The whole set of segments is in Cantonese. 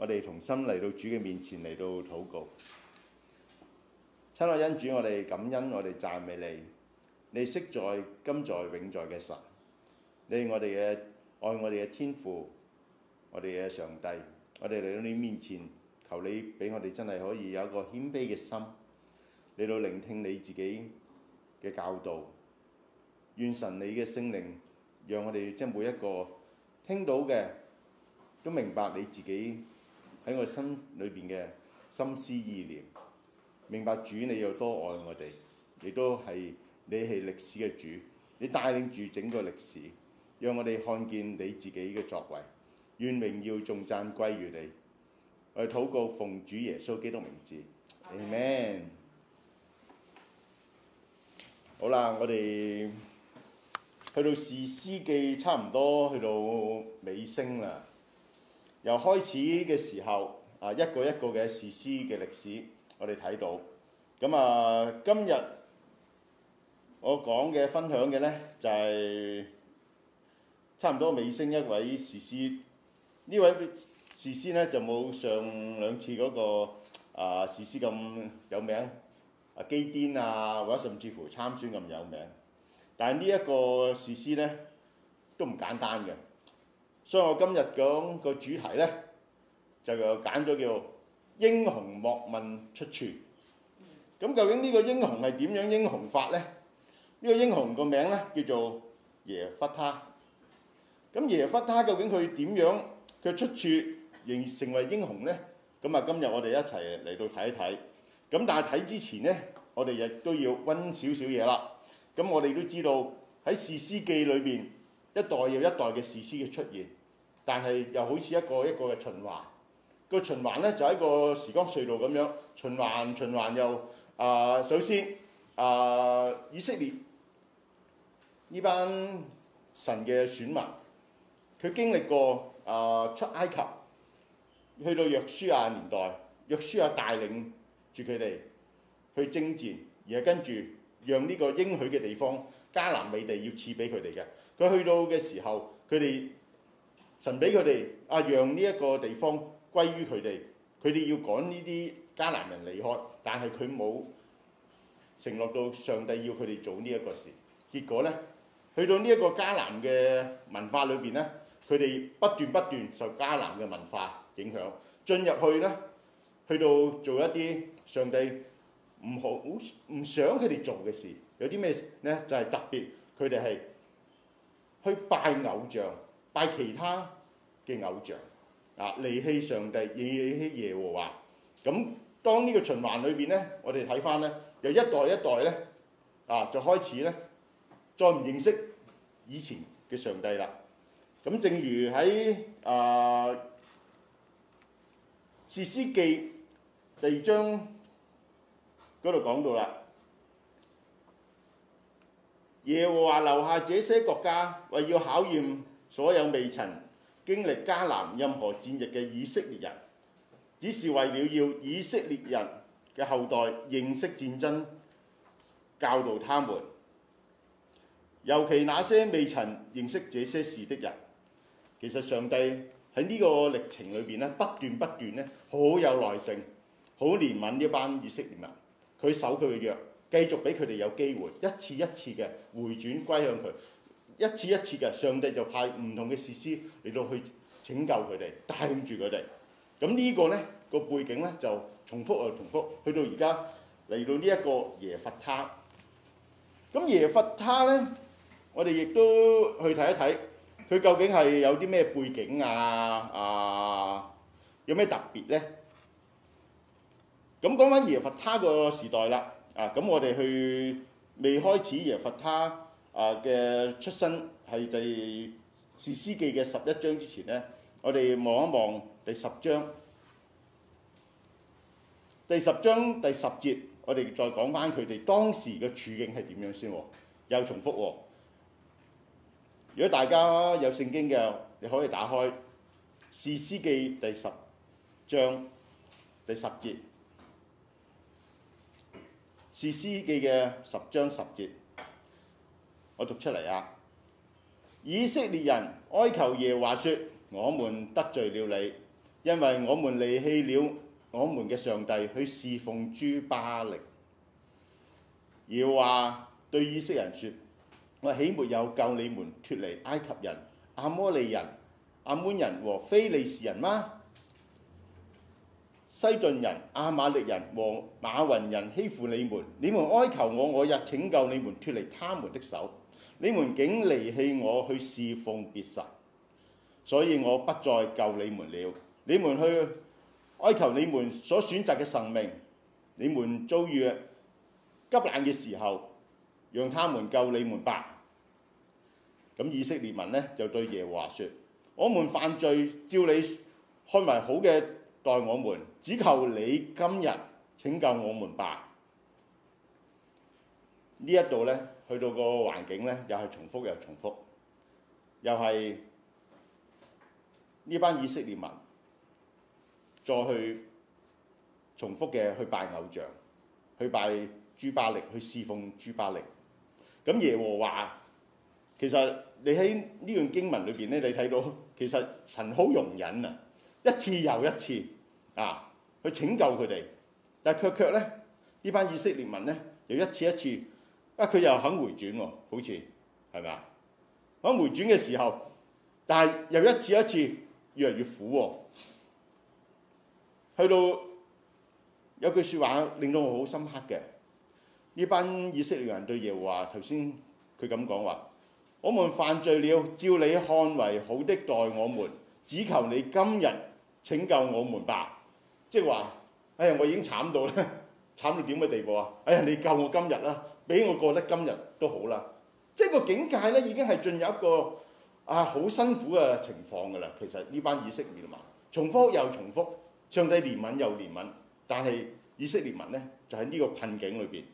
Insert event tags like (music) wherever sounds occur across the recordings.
我哋同心嚟到主嘅面前嚟到禱告，親愛恩主，我哋感恩，我哋讚美你。你昔在、今在、永在嘅神，你係我哋嘅愛，我哋嘅天父，我哋嘅上帝。我哋嚟到你面前，求你俾我哋真係可以有一個謙卑嘅心嚟到聆聽你自己嘅教導。願神你嘅聖靈，讓我哋即係每一個聽到嘅都明白你自己。喺我心裏邊嘅心思意念，明白主你有多愛我哋，亦都係你係歷史嘅主，你帶領住整個歷史，讓我哋看見你自己嘅作為，願榮耀頌讚歸於你。我哋禱告奉主耶穌基督名字，Amen。好啦，我哋去到士師記差唔多去到尾聲啦。由開始嘅時候啊，一個一個嘅士師嘅歷史，我哋睇到咁啊。今日我講嘅分享嘅呢，就係、是，差唔多尾聲一位士師呢，位士師呢，就冇上兩次嗰、那個啊士師咁有名啊基甸啊，或者甚至乎參孫咁有名，但係呢一個士師呢，都唔簡單嘅。所以我今日講個主題呢，就又揀咗叫英雄莫問出處。咁究竟呢個英雄係點樣英雄法呢？呢個英雄個名呢叫做耶弗他。咁耶弗他究竟佢點樣嘅出處，仍成為英雄呢？咁啊，今日我哋一齊嚟到睇一睇。咁但係睇之前呢，我哋亦都要溫少少嘢啦。咁我哋都知道喺《士師記》裏邊，一代又一代嘅士師嘅出現。但係又好似一個一個嘅循環，嗰個循環咧就係一個時光隧道咁樣循環循環又啊、呃、首先啊、呃、以色列呢班神嘅選民，佢經歷過啊、呃、出埃及去到約書亞年代，約書亞帶領住佢哋去征戰，而係跟住讓呢個應許嘅地方迦南美地要賜俾佢哋嘅。佢去到嘅時候，佢哋神俾佢哋啊，讓呢一個地方歸於佢哋，佢哋要趕呢啲迦南人離開，但係佢冇承諾到上帝要佢哋做呢一個事。結果咧，去到呢一個迦南嘅文化裏邊咧，佢哋不斷不斷受迦南嘅文化影響，進入去咧，去到做一啲上帝唔好唔想佢哋做嘅事。有啲咩咧？就係特別佢哋係去拜偶像。拜其他嘅偶像啊，離棄上帝，離棄耶和華。咁當呢個循環裏邊咧，我哋睇翻咧，由一代一代咧，啊，就開始咧，再唔認識以前嘅上帝啦。咁正如喺啊《士師記》第二章嗰度講到啦，耶和華留下這些國家，為要考驗，所有未曾經歷迦南任何戰役嘅以色列人，只是為了要以色列人嘅後代認識戰爭，教導他們。尤其那些未曾認識這些事的人，其實上帝喺呢個歷程裏邊咧，不斷不斷咧，好有耐性，好憐憫呢班以色列人。佢守佢嘅約，繼續俾佢哋有機會，一次一次嘅回轉歸向佢。一次一次嘅，上帝就派唔同嘅士師嚟到去拯救佢哋，帶領住佢哋。咁呢個咧個背景咧就重複啊重複，去到而家嚟到呢一個耶弗他。咁耶弗他咧，我哋亦都去睇一睇，佢究竟係有啲咩背景啊啊？有咩特別咧？咁講返耶弗他個時代啦，啊咁我哋去未開始耶弗他。啊嘅出身係第士師記嘅十一章之前呢，我哋望一望第十章，第十章第十節，我哋再講翻佢哋當時嘅處境係點樣先，又重複。如果大家有聖經嘅，你可以打開士師記第十章第十節，士師記嘅十章十節。我讀出嚟啊！以色列人哀求耶和華說：說我們得罪了你，因為我們離棄了我們嘅上帝去侍奉諸巴力。耶和華對以色列人：說我豈沒有救你們脫離埃及人、亞摩利人、亞捫人和非利士人嗎？西頓人、亞瑪力人和馬雲人欺負你們，你們哀求我，我也拯救你們脫離他們的手。你們竟離棄我去侍奉別神，所以我不再救你們了。你們去哀求你們所選擇嘅神明，你們遭遇急難嘅時候，讓他們救你們吧。咁以色列民呢就對耶和華説：我們犯罪，照你開埋好嘅待我們，只求你今日拯救我們吧。呢一度呢。去到個環境咧，又係重複又重複，又係呢班以色列民再去重複嘅去拜偶像，去拜諸巴力，去侍奉諸巴力。咁耶和華其實你喺呢段經文裏邊咧，你睇到其實神好容忍啊，一次又一次啊去拯救佢哋，但係卻卻咧呢班以色列民咧又一次一次。啊！佢又肯回轉喎、哦，好似係咪啊？肯回轉嘅時候，但係又一次一次越嚟越苦喎、哦。去到有句説話令到我好深刻嘅，呢班以色列人對耶和華頭先佢咁講話，我們犯罪了，照你看為好的待我們，只求你今日拯救我們吧。即係話，哎呀，我已經慘到啦。慘到點嘅地步啊！哎呀，你救我今日啦，俾我過得今日都好啦。即係個境界咧，已經係進入一個啊好辛苦嘅情況㗎啦。其實呢班以色列民，重複又重複，上帝憐憫又憐憫，但係以色列民咧就喺呢個困境裏邊。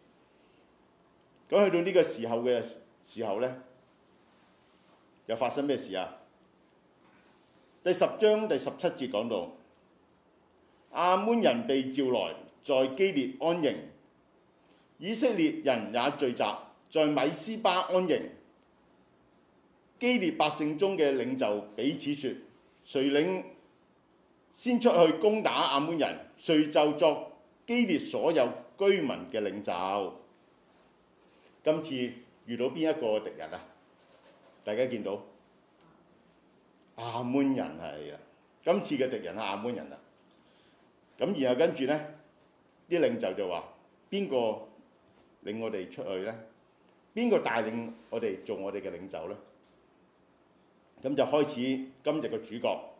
咁去到呢個時候嘅時候咧，又發生咩事啊？第十章第十七節講到，亞捫人被召來，在基列安營，以色列人也聚集在米斯巴安營。基列百姓中嘅領袖彼此説：誰領先出去攻打亞捫人，誰就作基列所有居民嘅領袖。今次遇到邊一個敵人啊？大家見到亞捫人係啊！今次嘅敵人係亞捫人啦。咁然後跟住呢。啲領袖就話：邊個領我哋出去咧？邊個帶領我哋做我哋嘅領袖咧？咁就開始今日嘅主角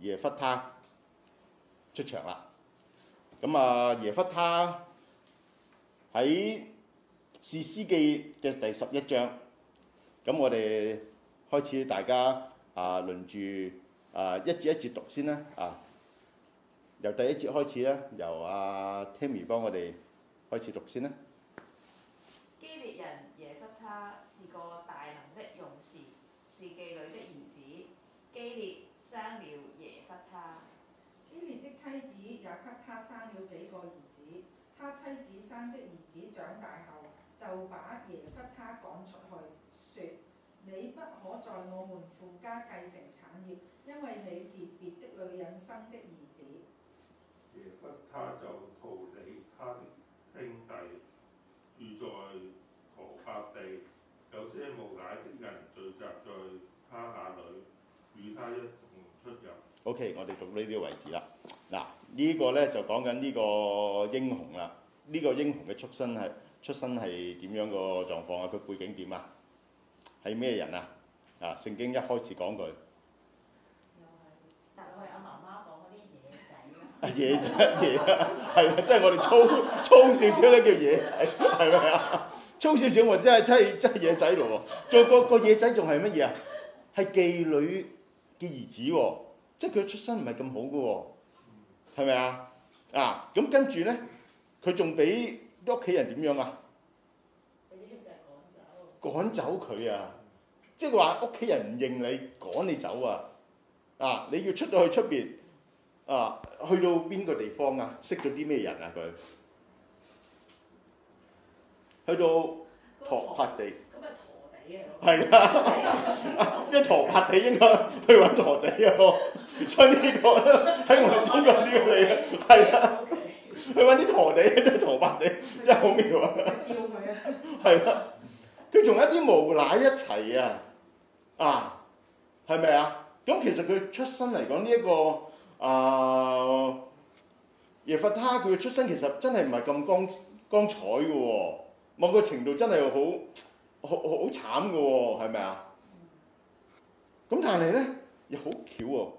耶弗他出場啦。咁啊，耶弗他喺士師記嘅第十一章。咁我哋開始大家啊，輪住啊一節一節讀先啦。啊！由第一節開始啦，由阿 Timmy 幫我哋開始讀先啦。基列人耶弗他，是個大能的勇士，是妓女的兒子。基列生了耶弗他。基列的妻子也給他生了幾個兒子。他妻子生的兒子長大後，就把耶弗他趕出去，說：你不可在我們父家繼承產業，因為你是別的女人生的兒子。耶弗他、okay, 這個、就逃離他兄弟，住在何伯地。有些無賴的人聚集在他那裏，與他一同出入。O K，我哋讀呢啲位置啦。嗱，呢個咧就講緊呢個英雄啦。呢、這個英雄嘅出身係出身係點樣個狀況啊？佢背景點啊？係咩人啊？啊，聖經一開始講句。野仔，野啊， (laughs) 係啊，即係我哋粗粗少少咧叫野仔，係咪啊？ (laughs) 粗少少我，我真係真係真係野仔嚟，做個個野仔仲係乜嘢啊？係妓女嘅兒子喎，即係佢出身唔係咁好嘅喎，係咪啊？啊，咁跟住咧，佢仲俾屋企人點樣啊？趕走佢啊！即係話屋企人唔認你，趕你走啊！啊，你要出到去出面？啊！去到邊個地方啊？識咗啲咩人啊？佢去到陀伯地，係啊！一陀伯地應該去揾陀地啊！所以呢個喺我哋中國呢、這個地方係 (laughs) 是啊！ (laughs) 去揾啲陀地，陀伯地，一陀伯地真係好妙啊！招佢啊！係啦、 (laughs) 嗯啊，佢同一啲無賴一齊啊！啊，係咪啊？咁其實佢出身嚟講呢一個。啊，uh, 耶弗他佢嘅出身其實真係唔係咁光光彩嘅喎、哦，某個程度真係好好好慘嘅喎，係咪啊？咁但係咧又好巧喎、哦，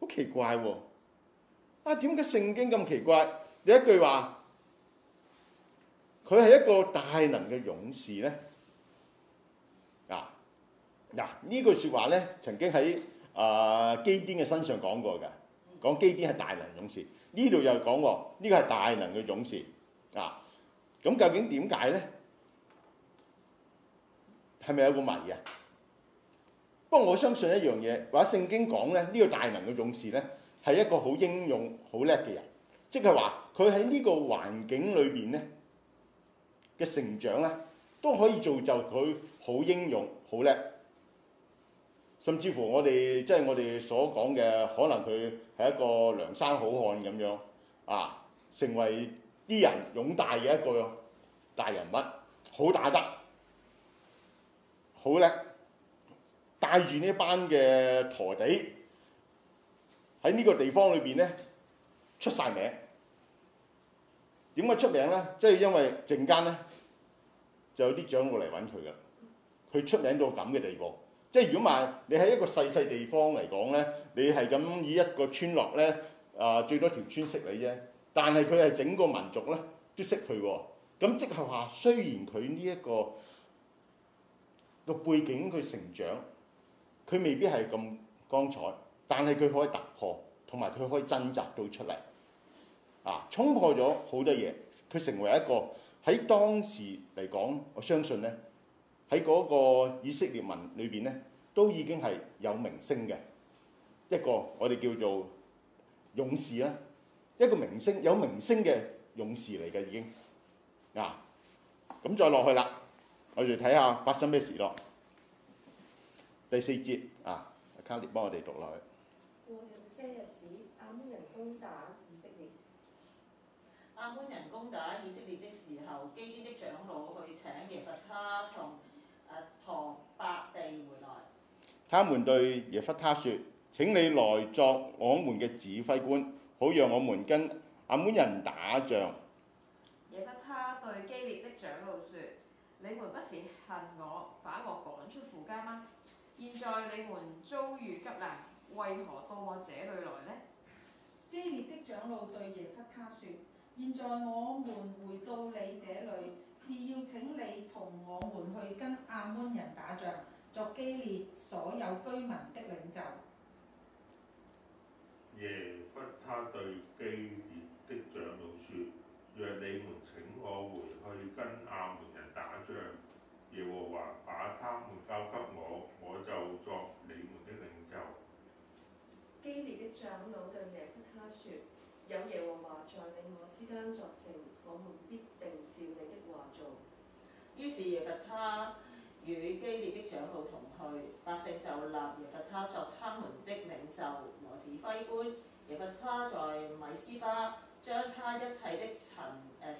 好奇怪喎、哦！啊，點解聖經咁奇怪？有一句話，佢係一個大能嘅勇士咧。嗱、啊、嗱、啊、呢句説話咧，曾經喺啊基甸嘅身上講過嘅。講基甸係大能勇士，呢度又講喎，呢個係大能嘅勇士啊！咁究竟點解咧？係咪有個謎啊？不過我相信一樣嘢，或者聖經講咧，呢個大能嘅勇士咧，係一個好英勇、好叻嘅人，即係話佢喺呢個環境裏邊咧嘅成長咧，都可以造就佢好英勇、好叻。甚至乎我哋即係我哋所講嘅，可能佢係一個梁山好漢咁樣啊，成為啲人擁戴嘅一個大人物，好打得，好叻，帶住呢班嘅徒弟喺呢個地方裏邊咧出晒名。點解出名咧？即係因為陣間咧就有啲長老嚟揾佢㗎，佢出名到咁嘅地步。即係如果話你喺一個細細地方嚟講咧，你係咁以一個村落咧，啊、呃、最多條村識你啫。但係佢係整個民族咧都識佢喎、哦。咁即係話，雖然佢呢一個個背景佢成長，佢未必係咁光彩，但係佢可以突破，同埋佢可以掙扎到出嚟，啊，衝破咗好多嘢，佢成為一個喺當時嚟講，我相信咧。喺嗰個以色列民裏邊咧，都已經係有名聲嘅一個，我哋叫做勇士啦，一個名聲，有名聲嘅勇士嚟嘅，已經啊，咁再落去啦，我哋睇下發生咩事咯。第四節啊，卡列幫我哋讀落去。過咗些日子，亞捫人攻打以色列。亞捫人攻打以色列的時候，基列的長老去請耶弗他，他同白地回來。他們對耶弗他說：“請你來作我們嘅指揮官，好讓我們跟亞捫人打仗。”耶弗他對基列的長老說：“你們不是恨我，把我趕出父家嗎？現在你們遭遇急難，為何到我這裏來呢？”基列的長老對耶弗他說。現在我們回到你這裏，是要請你同我們去跟亞門人打仗，作基列所有居民的領袖。耶弗他對基列的長老說：若你們請我回去跟亞門人打仗，耶和華把他們交給我，我就作你們的領袖。基列的長老對耶弗他說。有耶和華在你我之間作證，我們必定照你的話做。於是耶弗他與基列的長老同去，百姓就立耶弗他作他們的領袖和指揮官。耶弗他在米斯巴將他一切的陳誒，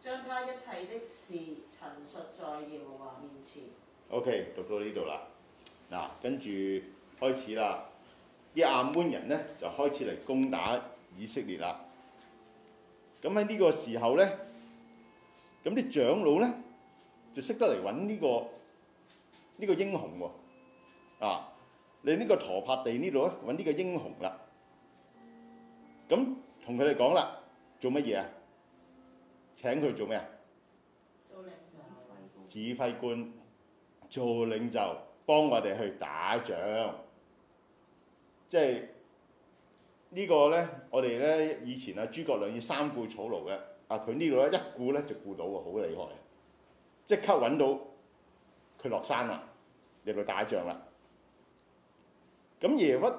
將他一切的事陳述在耶和華面前。O.K. 讀到呢度啦，嗱，跟住開始啦，啲亞捫人呢，就開始嚟攻打。以色列啦，咁喺呢個時候咧，咁啲長老咧就識得嚟揾呢個呢個英雄喎，啊，你呢個陀柏地呢度咧揾呢個英雄啦，咁同佢哋講啦，做乜嘢啊？請佢做咩啊？做領袖嘅指揮官，做領袖幫我哋去打仗，即係。個呢個咧，我哋咧以前啊，諸葛亮要三顧草廬嘅啊。佢呢個咧一顧咧就顧到喎，好厲害，即刻揾到佢落山啦，嚟到打仗啦。咁、嗯、耶弗他，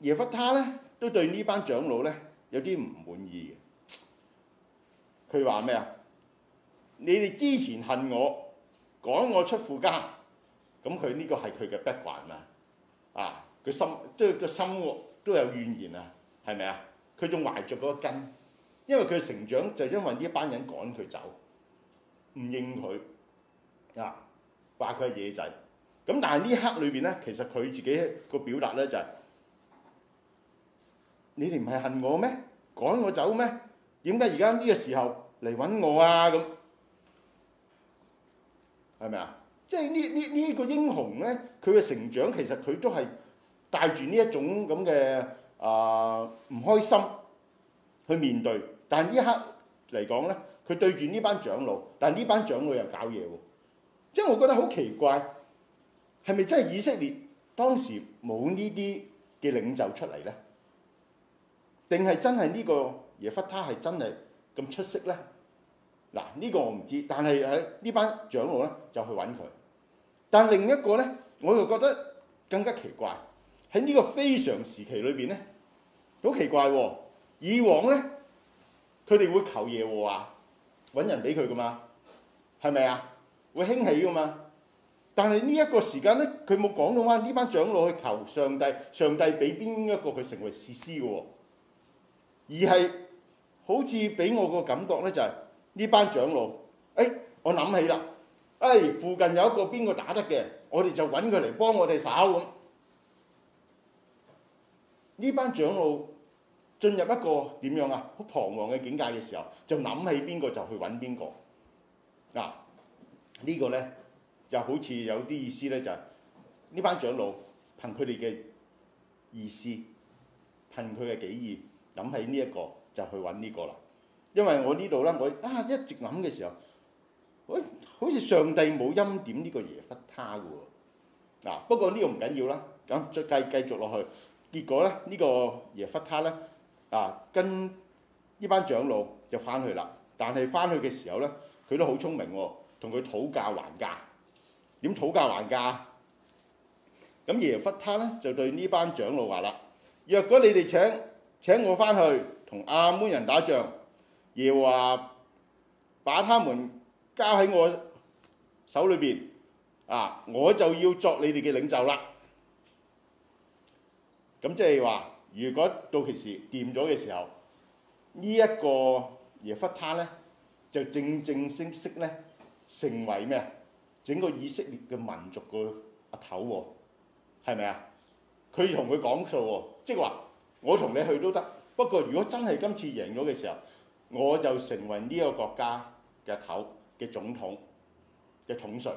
耶弗他咧都對呢班長老咧有啲唔滿意嘅。佢話咩啊？你哋之前恨我，趕我出父家，咁佢呢個係佢嘅 back 啊！佢心即係個心喎。都有怨言啊，係咪啊？佢仲懷着嗰根，因為佢成長就因為呢一班人趕佢走，唔認佢啊，話佢係野仔。咁但係呢刻裏邊咧，其實佢自己個表達咧就係、是：你哋唔係恨我咩？趕我走咩？點解而家呢個時候嚟揾我啊？咁係咪啊？即係呢呢呢個英雄咧，佢嘅成長其實佢都係。帶住呢一種咁嘅啊唔開心去面對，但係呢刻嚟講咧，佢對住呢班長老，但係呢班長老又搞嘢喎，即係我覺得好奇怪，係咪真係以色列當時冇呢啲嘅領袖出嚟咧？定係真係呢個耶弗他係真係咁出色咧？嗱，呢個我唔知，但係喺呢班長老咧就去揾佢，但係另一個咧，我就覺得更加奇怪。喺呢個非常時期裏邊咧，好奇怪喎、哦！以往咧，佢哋會求耶和華揾人俾佢噶嘛，係咪啊？會興起噶嘛？但係呢一個時間咧，佢冇講到話呢班長老去求上帝，上帝俾邊一個佢成為士師嘅、哦，而係好似俾我個感覺咧、就係，就係呢班長老，哎，我諗起啦，哎，附近有一個邊個打得嘅，我哋就揾佢嚟幫我哋耍。咁。呢班長老進入一個點樣啊？好彷徨嘅境界嘅時候，就諗起邊個就去揾邊個嗱。呢個咧又好似有啲意思咧，就係呢班長老憑佢哋嘅意思，憑佢嘅記憶諗起呢一個就去揾呢個啦。因為我呢度咧，我啊一直諗嘅時候，我好似上帝冇欽點呢個耶弗他嘅嗱。不過呢個唔緊要啦，咁再繼繼續落去。結果咧，呢個耶弗他咧啊，跟呢班長老就翻去啦。但係翻去嘅時候咧，佢都好聰明喎，同佢討價還價。點討價還價啊？咁耶弗他咧就對呢班長老話啦：若果你哋請請我翻去同亞捫人打仗，耶華把他們交喺我手裏邊啊，我就要作你哋嘅領袖啦。咁即係話，如果到其時掂咗嘅時候，呢一個耶弗他咧，就正正式式咧，成為咩啊？整個以色列嘅民族個阿頭喎，係咪啊？佢同佢講數喎，即係話我同你去都得，不過如果真係今次贏咗嘅時候，我就成為呢一個國家嘅頭嘅總統嘅統帥。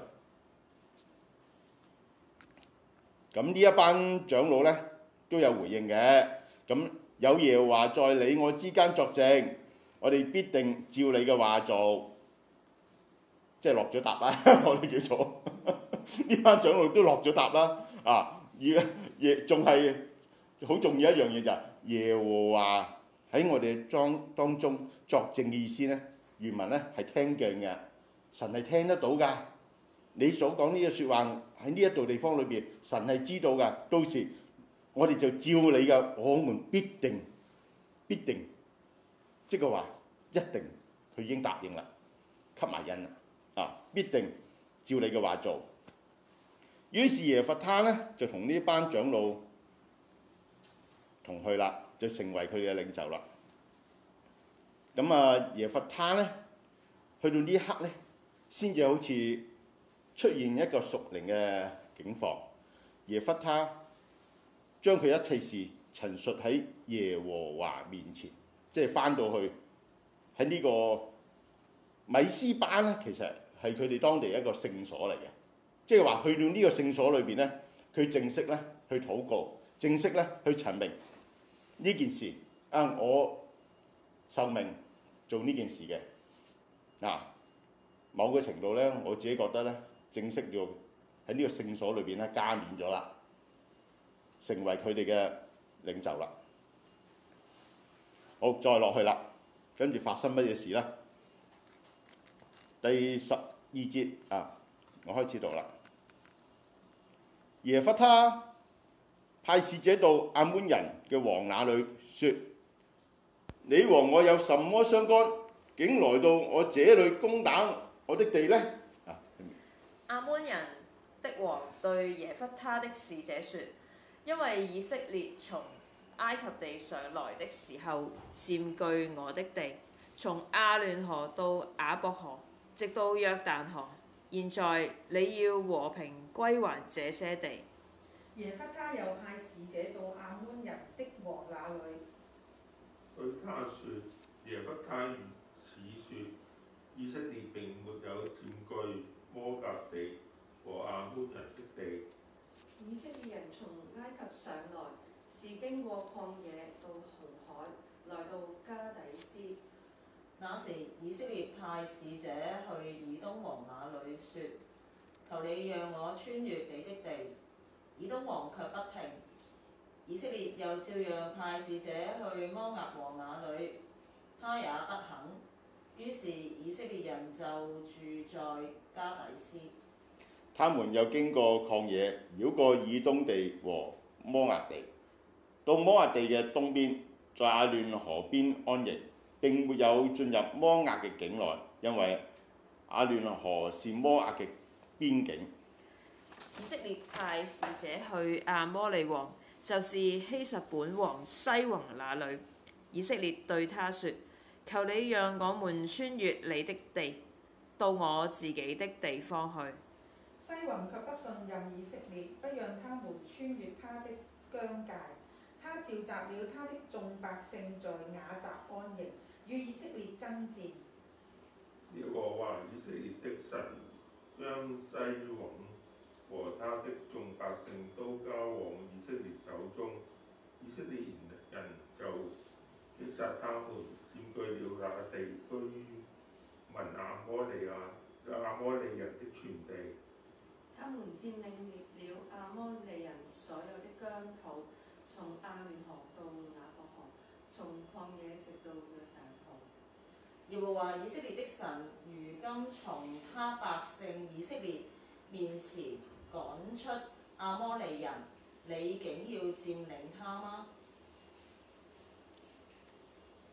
咁呢一班長老咧？都有回應嘅，咁有耶和華在你我之間作證，我哋必定照你嘅話做，即係落咗答啦。我哋叫做呢班長老都落咗答啦啊！而而，仲係好重要一樣嘢就係耶和華喺我哋莊當中作證嘅意思咧。原文咧係聽緊嘅，神係聽得到㗎。你所講呢個説話喺呢一度地方裏邊，神係知道㗎。到時。我哋就照你嘅，我們必定必定，即係佢話一定，佢已經答應啦，給埋人啦啊！必定照你嘅話做。於是耶弗他咧就同呢班長老同去啦，就成為佢嘅領袖啦。咁啊，耶弗他咧去到呢一刻咧，先至好似出現一個屬靈嘅境況。耶弗他。將佢一切事陳述喺耶和華面前，即係翻到去喺呢個米斯班咧，其實係佢哋當地一個聖所嚟嘅，即係話去到呢個聖所裏邊咧，佢正式咧去禱告，正式咧去陳明呢件事啊，我受命做呢件事嘅嗱，某個程度咧，我自己覺得咧，正式要喺呢個聖所裏邊咧加冕咗啦。成為佢哋嘅領袖啦。好，再落去啦。跟住發生乜嘢事呢？第十二節啊，我開始讀啦。耶弗他派使者到亞捫人嘅王那裡，說：你和我有什麼相干？竟來到我這裏攻打我的地呢？亞捫人的王對耶弗他的使者說。因為以色列從埃及地上來的時候佔據我的地，從亞嫩河到亞伯河，直到約旦河。現在你要和平歸還這些地。耶弗他又派使者到亞捫人的王那裡，對他說：耶弗他如此說，以色列並沒有佔據摩甲地和亞捫人的地。以色列人從埃及上來，是經過曠野到紅海，來到加底斯。那時，以色列派使者去以東王那裡說：求你讓我穿越你的地。以東王卻不聽，以色列又照樣派使者去摩押王那裡，他也不肯。於是以色列人就住在加底斯。他們又經過曠野，繞過以東地和摩亞地，到摩亞地嘅東邊，在亞嫩河邊安營。並沒有進入摩亞嘅境內，因為亞嫩河是摩亞嘅邊境。以色列派使者去亞摩利王，就是希實本王西宏那裡。那裏以色列對他說：求你讓我們穿越你的地，到我自己的地方去。西雲卻不信任以色列，不讓他們穿越他的疆界。他召集了他的眾百姓在雅澤安營，與以色列爭戰。耶和華以色列的神將西雲和他的眾百姓都交往以色列手中，以色列人就擊殺他們，佔據了那地居民亞摩利亞亞摩利人的全地。他們佔領了亞摩利人所有的疆土，從亞嫩河到雅伯河，從曠野直到約旦河。耶和華以色列的神，如今從他百姓以色列面前趕出亞摩利人，你竟要佔領他嗎？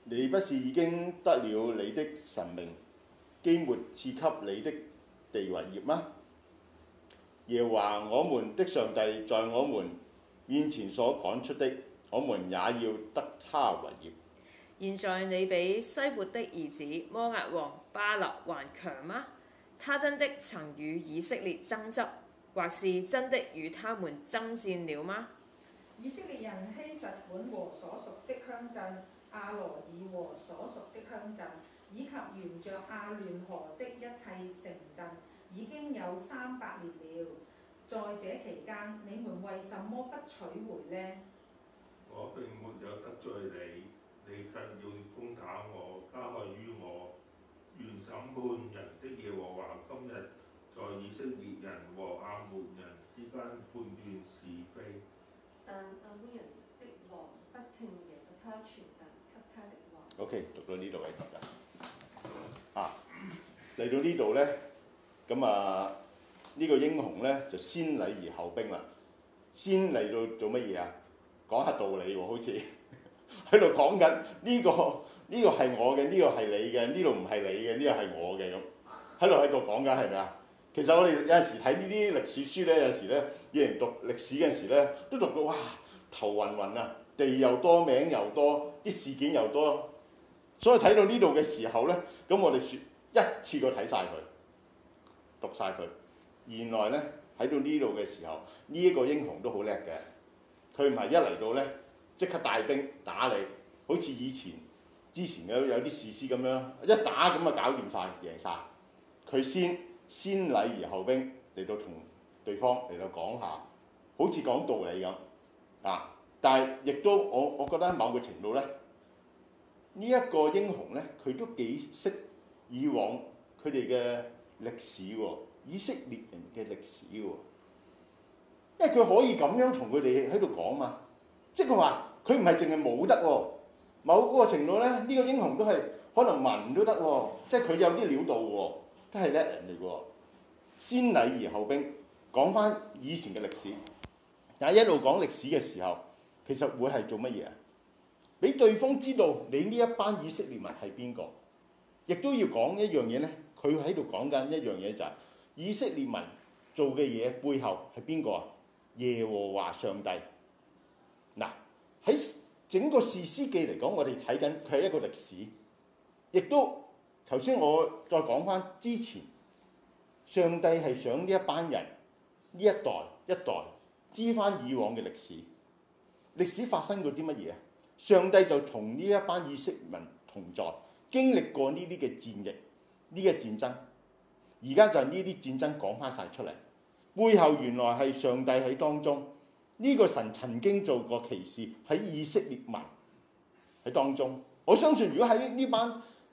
你不是已經得了你的神明，基抹賜給你的地為業嗎？又話我們的上帝在我們面前所講出的，我們也要得他為業。現在你比西活的兒子摩押王巴勒還強嗎？他真的曾與以色列爭執，或是真的與他們爭戰了嗎？以色列人希實本和所屬的鄉鎮，阿羅爾和所屬的鄉鎮，以及沿着阿嫩河的一切城鎮。已經有三百年了，在這期間你們為什麼不取回呢？我並沒有得罪你，你卻要攻打我，加害於我。願審判人的耶和華今日在以色列人和亞捫人之間判斷是非。但亞捫、嗯、人的王不停嘅他傳達給他的話。OK. 讀到呢度嘅時候啊，嚟到呢度咧。咁啊，呢個英雄咧就先禮而後兵啦，先嚟到做乜嘢啊？講下道理喎，好似喺度講緊呢個呢個係我嘅，呢個係你嘅，呢度唔係你嘅，呢個係我嘅咁，喺度喺度講緊係咪啊？其實我哋有陣時睇呢啲歷史書咧，有時咧以前讀歷史嗰陣時咧，都讀到哇頭暈暈啊，地又多，名又多，啲事件又多，所以睇到呢度嘅時候咧，咁我哋説一次過睇晒佢。讀晒佢，原來咧喺到呢度嘅時候，呢一個英雄都好叻嘅。佢唔係一嚟到咧，即刻帶兵打你，好似以前之前嘅有啲士師咁樣一打咁啊搞掂晒，贏晒。佢先先禮而後兵嚟到同對方嚟到講下，好似講道理咁啊！但係亦都我我覺得喺某個程度咧，呢一個英雄咧，佢都幾識以往佢哋嘅。歷史喎、啊，以色列人嘅歷史喎、啊，因為佢可以咁樣同佢哋喺度講嘛，即係佢話佢唔係淨係冇得喎、啊，某嗰個程度咧，呢、呢個英雄都係可能文都得喎、啊，即係佢有啲料到喎，都係叻人嚟喎、啊，先禮而後兵，講返以前嘅歷史，但一路講歷史嘅時候，其實會係做乜嘢啊？俾對方知道你呢一班以色列人係邊個，亦都要講一樣嘢咧。佢喺度講緊一樣嘢，就係以色列民做嘅嘢背後係邊個啊？耶和華上帝。嗱，喺整個士師記嚟講，我哋睇緊佢係一個歷史，亦都頭先我再講翻之前，上帝係想呢一班人呢一代一代知翻以往嘅歷史，歷史發生過啲乜嘢啊？上帝就同呢一班以色列民同在，經歷過呢啲嘅戰役。呢個戰爭而家就係呢啲戰爭講翻晒出嚟，背後原來係上帝喺當中。呢、這個神曾經做過歧視喺以色列民喺當中。我相信，如果喺呢班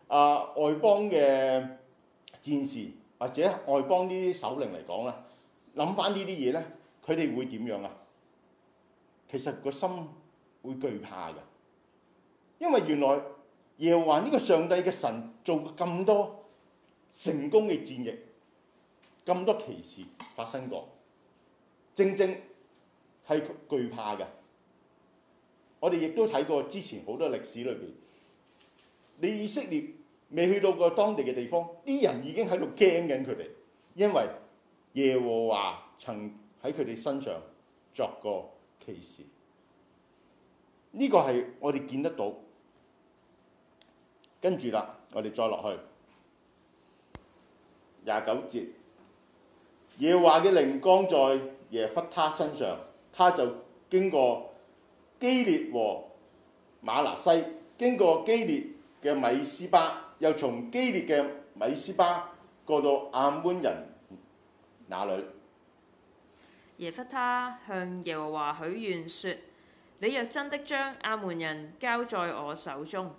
啊、呃、外邦嘅戰士或者外邦呢啲首領嚟講咧，諗翻呢啲嘢咧，佢哋會點樣啊？其實個心會懼怕嘅，因為原來耶和華呢個上帝嘅神做咁多。成功嘅戰役，咁多奇事發生過，正正係懼怕嘅。我哋亦都睇過之前好多歷史裏邊，你以色列未去到過當地嘅地方，啲人已經喺度驚緊佢哋，因為耶和華曾喺佢哋身上作過奇事。呢個係我哋見得到。跟住啦，我哋再落去。廿九節，耶和華嘅靈光在耶弗他身上，他就經過基列和馬拿西，經過基列嘅米斯巴，又從基列嘅米斯巴過到亞捫人那裏。耶弗他向耶和華許願說：你若真的將亞捫人交在我手中，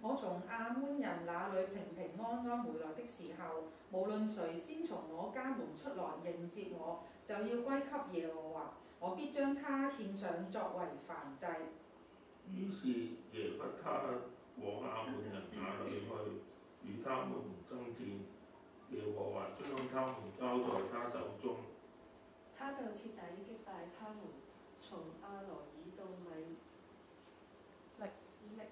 我從亞捫人那裏平。剛剛回來的時候，無論誰先從我家門出來迎接我，就要歸給耶和華，我必將他獻上作為燔祭。於是耶弗他往阿門人那裏去，與他們爭戰，耶和華將他們交在他手中，他就徹底擊敗他們，從阿羅耳到米力力，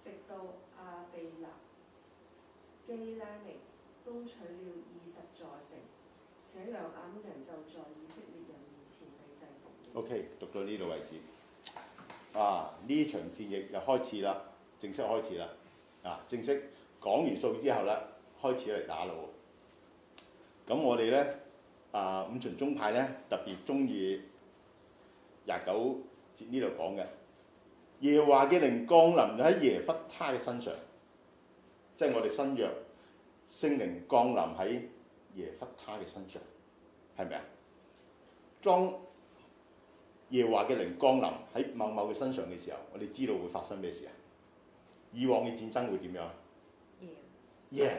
直到阿庇拿。基拉尼攻取了二十座城，這樣亞門人就在以色列人面前被制服。O.K. 讀到呢度為止啊！呢場戰役又開始啦，正式開始啦啊！正式講完數之後啦，開始嚟打啦喎。咁我哋咧啊，五旬宗派咧，特別中意廿九節呢度講嘅耶華嘅靈降臨喺耶弗他嘅身上。即係我哋新約聖靈降臨喺耶弗他嘅身上，係咪啊？當耶華嘅靈降臨喺某某嘅身上嘅時候，我哋知道會發生咩事啊？以往嘅戰爭會點樣？贏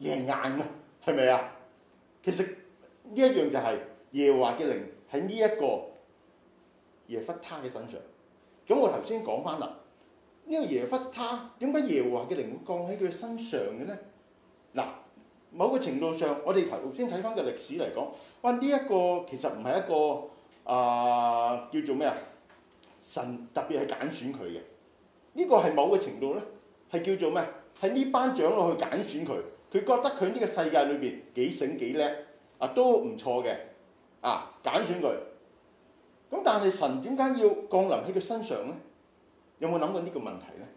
贏贏硬啊，係咪啊？其實呢一樣就係耶華嘅靈喺呢一個耶弗他嘅身上。咁我頭先講翻啦。呢個耶弗他點解耶和華嘅靈會降喺佢身上嘅咧？嗱，某個程度上，我哋頭先睇翻個歷史嚟講，哇！呢一個其實唔係一個啊、呃，叫做咩啊？神特別係揀選佢嘅，呢、這個係某個程度咧，係叫做咩？係呢班長老去揀選佢，佢覺得佢呢個世界裏邊幾醒幾叻啊，都唔錯嘅啊，揀選佢。咁但係神點解要降臨喺佢身上咧？有冇諗過呢個問題咧？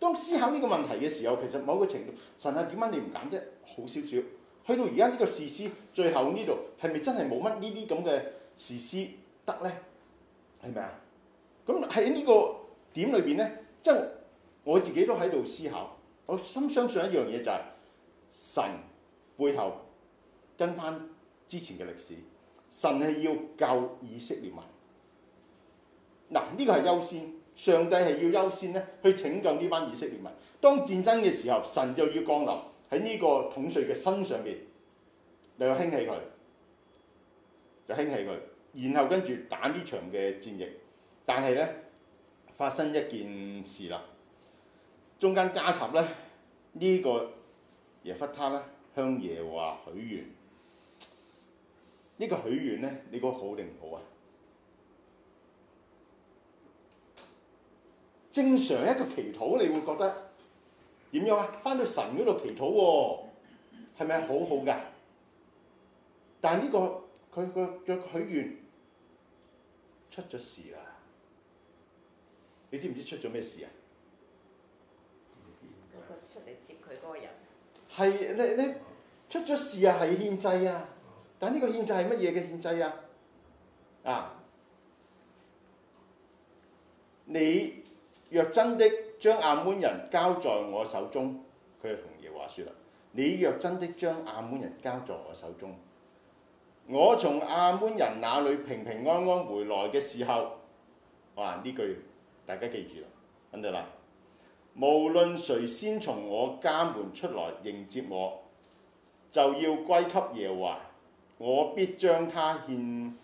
當思考呢個問題嘅時候，其實某個程度神係點解你唔揀啫？好少少去到而家呢個士師，最後是是呢度係咪真係冇乜呢啲咁嘅士師得咧？係咪啊？咁喺呢個點裏邊咧，即、就、係、是、我自己都喺度思考。我深相信一樣嘢就係、是、神背後跟翻之前嘅歷史，神係要救以色列民。嗱，呢個係優先。上帝係要優先咧，去拯救呢班以色列民。當戰爭嘅時候，神就要降臨喺呢個統帥嘅身上邊，你就興起佢，就興起佢，然後跟住打呢場嘅戰役。但係咧，發生一件事啦，中間加插咧呢、呢個耶弗他咧向耶和華許願，呢個、許呢個許願咧，你覺得好定唔好啊？正常一個祈禱，你會覺得點樣啊？返到神嗰度祈禱喎，係咪好好㗎？但係、這、呢個佢個約許願出咗事啦！你知唔知出咗咩事啊？出嚟接佢嗰個人係你，你出咗事啊？係獻祭啊！但係呢個獻祭係乜嘢嘅獻祭啊？啊！你。若真的將亞捫人交在我手中，佢就同耶和華説啦：你若真的將亞捫人交在我手中，我從亞捫人那裏平平安安回來嘅時候，哇、啊！呢句大家記住啦，揾到啦！無論誰先從我家門出來迎接我，就要歸給耶和華，我必將他獻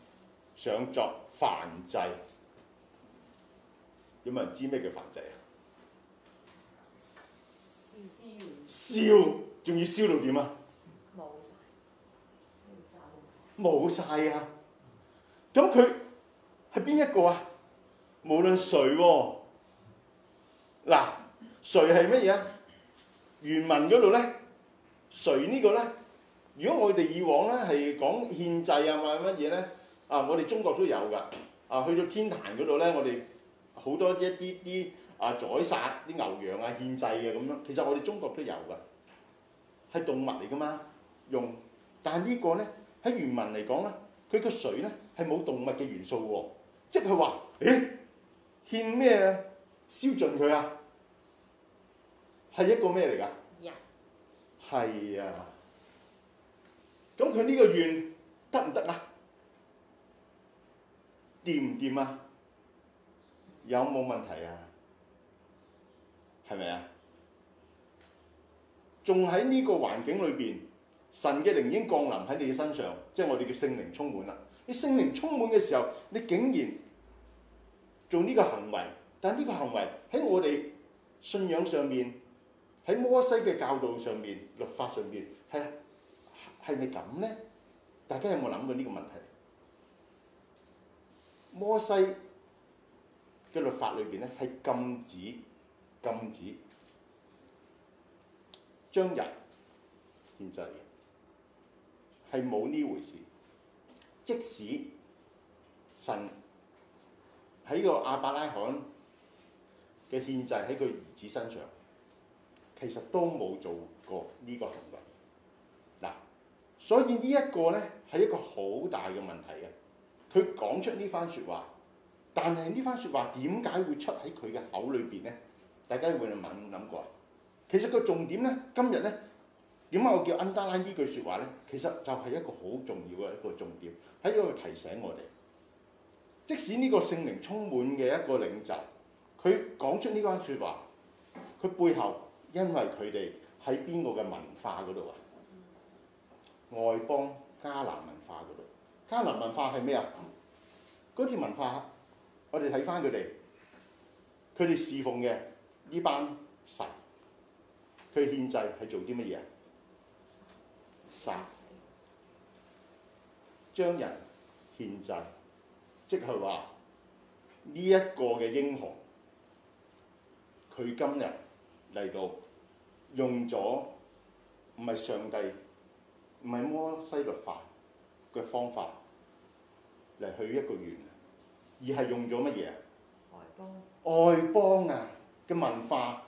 上作燔祭。有冇人知咩叫繁殖啊？燒仲要燒到點啊？冇晒！冇晒啊！咁佢係邊一個啊？無論誰喎、啊，嗱，誰係乜嘢啊？原文嗰度咧，誰呢個咧？如果我哋以往咧係講獻祭啊，或者乜嘢咧啊？我哋中國都有㗎啊！去到天壇嗰度咧，我哋。好多一啲啲，啊，宰殺啲牛羊啊獻祭嘅、啊、咁樣，其實我哋中國都有噶，係動物嚟噶嘛？用但係呢個咧喺原文嚟講咧，佢個水咧係冇動物嘅元素喎、啊，即係話，咦，獻咩燒盡佢啊？係一個咩嚟噶？係 Yeah. 啊，咁佢呢個願得唔得啊？掂唔掂啊？有冇問題啊？係咪啊？仲喺呢個環境裏邊，神嘅靈已經降臨喺你嘅身上，即係我哋叫聖靈充滿啦。你聖靈充滿嘅時候，你竟然做呢個行為，但呢個行為喺我哋信仰上面，喺摩西嘅教導上面、律法上面，係係咪咁呢？大家有冇諗過呢個問題？摩西？嘅律法裏邊咧係禁止禁止將人獻祭嘅，係冇呢回事。即使神喺個阿伯拉罕嘅獻祭喺佢兒子身上，其實都冇做過呢個行為。嗱，所以呢一個咧係一個好大嘅問題嘅。佢講出呢番説話。但係呢番説話點解會出喺佢嘅口裏邊咧？大家會唔會猛諗過啊？其實個重點咧，今日咧點解我叫恩德拉呢句説話咧？其實就係一個好重要嘅一個重點喺度提醒我哋，即使呢個聖靈充滿嘅一個領袖，佢講出呢番説話，佢背後因為佢哋喺邊個嘅文化嗰度啊？外邦迦南文化嗰度，迦南文化係咩啊？嗰啲文化。我哋睇翻佢哋，佢哋侍奉嘅呢班神，佢獻祭係做啲乜嘢啊？殺，將人獻祭，即係話呢一個嘅英雄，佢今日嚟到用咗唔係上帝，唔係摩西律法嘅方法嚟去一個願。而係用咗乜嘢？外邦、外邦啊嘅文化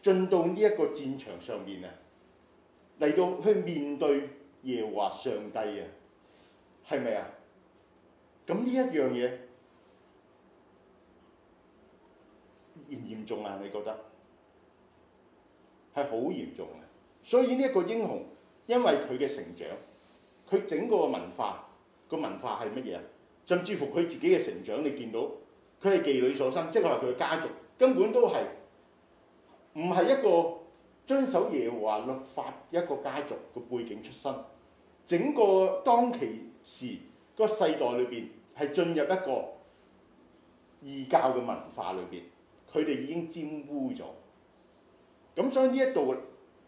進到呢一個戰場上面啊，嚟到去面對耶和華上帝啊，係咪啊？咁呢一樣嘢嚴唔嚴重啊？你覺得係好嚴重啊？所以呢一個英雄，因為佢嘅成長，佢整個文化，個文化係乜嘢？甚至乎佢自己嘅成長，你見到佢係妓女所生，即係話佢嘅家族根本都係唔係一個遵守耶和華律法一個家族嘅背景出身。整個當其時個世代裏邊係進入一個異教嘅文化裏邊，佢哋已經沾污咗。咁所以呢一度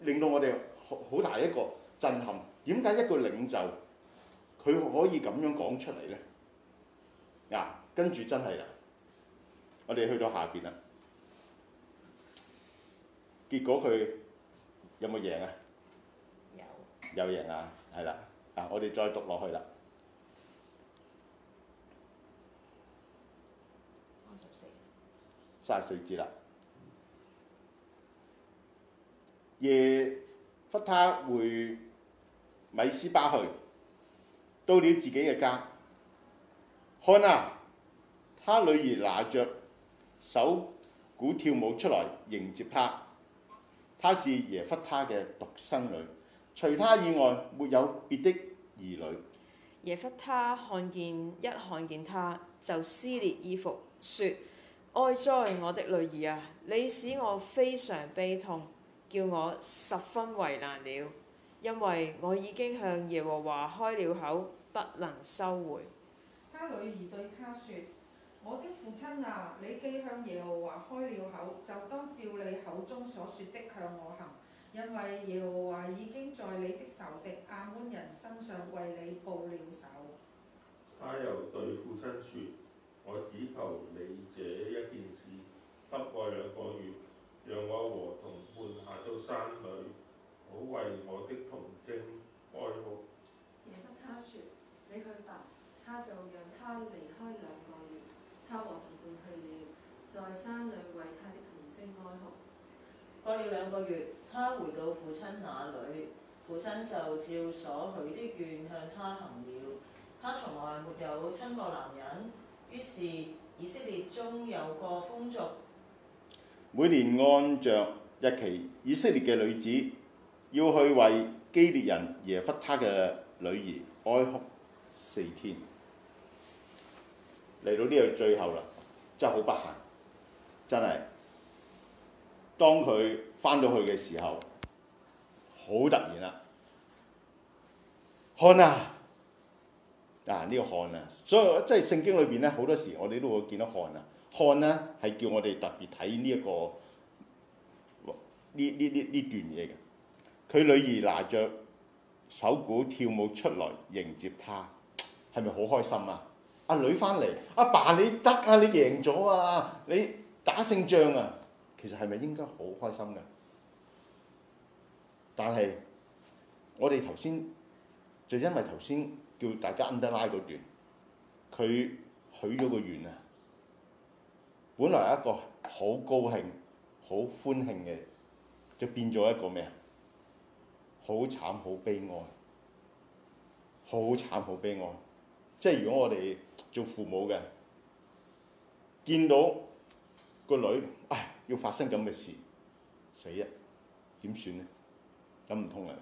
令到我哋好大一個震撼。點解一個領袖佢可以咁樣講出嚟呢？嗱，跟住真係啦，我哋去到下邊啦，結果佢有冇贏啊？有，有贏啊，係啦，嗱，我哋再讀落去啦，三十四，三十四節啦，耶，弗他回米斯巴去，到了自己嘅家。看啊，他女兒拿着手鼓跳舞出來迎接他。他是耶弗他嘅獨生女，除他以外沒有別的兒女。耶弗他看見一看見他就撕裂衣服，說：哀哉，我的女兒啊，你使我非常悲痛，叫我十分為難了，因為我已經向耶和華開了口，不能收回。他女兒對他說：我的父親啊，你既向耶和華開了口，就當照你口中所說的向我行，因為耶和華已經在你的仇敵亞捫人身上為你報了仇。他又對父親說：我只求你這一件事，不過兩個月，讓我和同伴下到山裏，好為我的童貞哀哭。耶弗他說：你去吧。他就讓他離開兩個月，他和同伴去了，在山裡為他的童貞哀哭。過了兩個月，他回到父親那裡，父親就照所許的願向他行了。他從來沒有親過男人，於是以色列中有個風俗，每年按着日期，以色列嘅女子要去為基列人耶弗他嘅女兒哀哭四天。嚟到呢個最後啦，真係好不幸，真係。當佢返到去嘅時候，好突然啦，看哪！啊呢、這個看哪，所以即係聖經裏邊咧，好多時我哋都會見到看哪。看哪咧係叫我哋特別睇呢一個呢呢呢呢段嘢嘅。佢女兒拿着手鼓跳舞出來迎接他，係咪好開心啊？阿女翻嚟，阿爸你得啊，你贏咗啊，你打勝仗啊，其實係咪應該好開心嘅？但係我哋頭先就因為頭先叫大家 underline 嗰段，佢許咗個願啊，本來一個好高興、好歡慶嘅，就變咗一個咩啊？好慘、好悲哀，好慘、好悲哀。即係如果我哋做父母嘅，見到個女，唉，要發生咁嘅事，死啊！點算咧？諗唔通啊！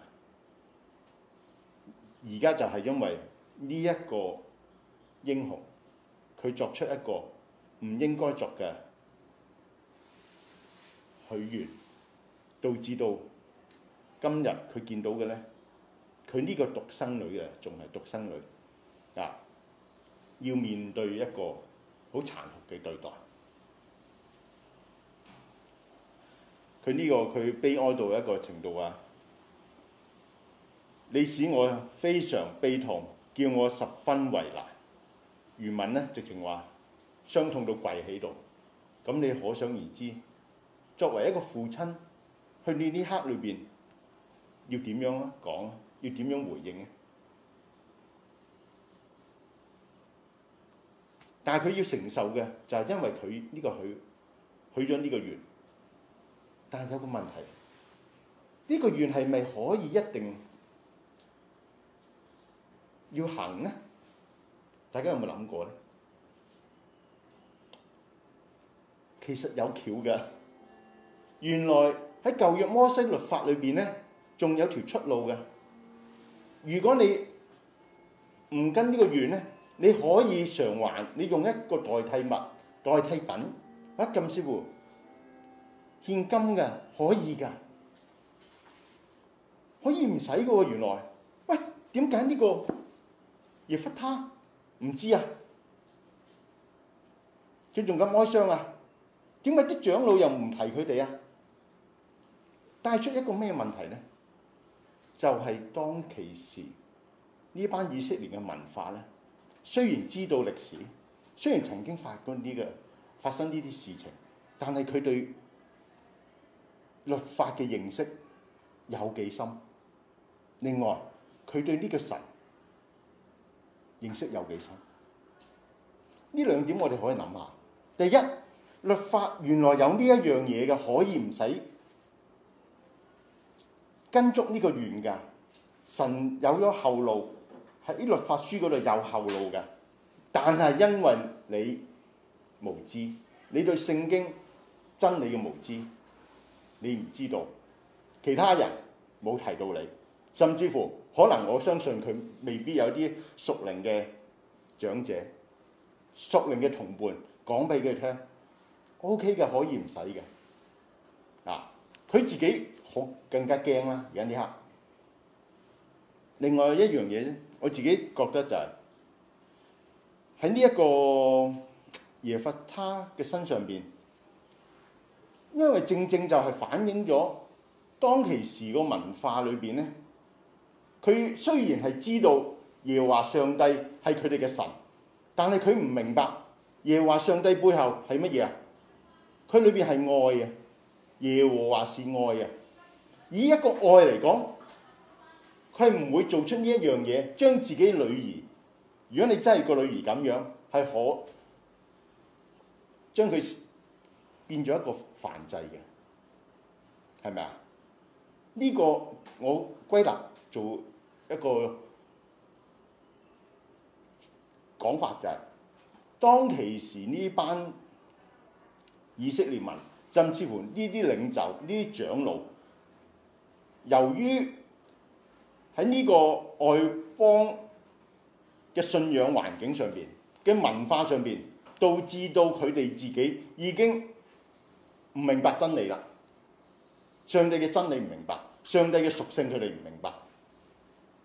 而家就係因為呢一個英雄，佢作出一個唔應該作嘅許願，導致到今日佢見到嘅呢，佢呢個獨生女啊，仲係獨生女啊！要面對一個好殘酷嘅對待，佢呢個佢悲哀到一個程度啊！你使我非常悲痛，叫我十分為難。原文呢，直情話傷痛到跪喺度，咁你可想而知，作為一個父親，去到呢刻裏面要點樣啊講啊？要點樣回應嘅？但係佢要承受嘅就係因為佢呢個許許咗呢個願，但係有個問題，呢個願係咪可以一定要行呢？大家有冇諗過呢？其實有橋㗎，原來喺舊約摩西律法裏邊呢，仲有條出路嘅。如果你唔跟呢個願呢，你可以償還，你用一個代替物、代替品，啊，咁似乎現金嘅可以㗎，可以唔使嘅喎。原來喂點解呢個耶弗他唔知啊？佢仲咁哀傷啊？點解啲長老又唔提佢哋啊？帶出一個咩問題咧？就係、是、當其時呢班以色列嘅文化咧。雖然知道歷史，雖然曾經發過呢、呢個發生呢啲事情，但係佢對律法嘅認識有幾深？另外，佢對呢個神認識有幾深？呢兩點我哋可以諗下。第一，律法原來有呢一樣嘢嘅，可以唔使跟足呢個願㗎。神有咗後路。喺啲律法書嗰度有後路嘅，但係因為你無知，你對聖經真理嘅無知，你唔知道。其他人冇提到你。甚至乎可能我相信佢未必有啲屬靈嘅長者、屬靈嘅同伴講俾佢聽。OK 嘅，可以唔使嘅。嗱，佢自己好更加驚啦。而家呢刻，另外一樣嘢我自己覺得就係喺呢一個耶弗他嘅身上邊，因為正正就係反映咗當其時個文化裏邊咧，佢雖然係知道耶和華上帝係佢哋嘅神，但係佢唔明白耶和華上帝背後係乜嘢啊？佢裏邊係愛啊，耶和華是愛啊，以一個愛嚟講。佢唔會做出呢一樣嘢，將自己女兒，如果你真係個女兒咁樣，係可將佢變咗一個燔祭嘅，係咪啊？呢、這個我歸納做一個講法就係、是，當其時呢班以色列民，甚至乎呢啲領袖、呢啲長老，由於喺呢個外邦嘅信仰環境上邊嘅文化上邊，導致到佢哋自己已經唔明白真理啦。上帝嘅真理唔明白，上帝嘅屬性佢哋唔明白，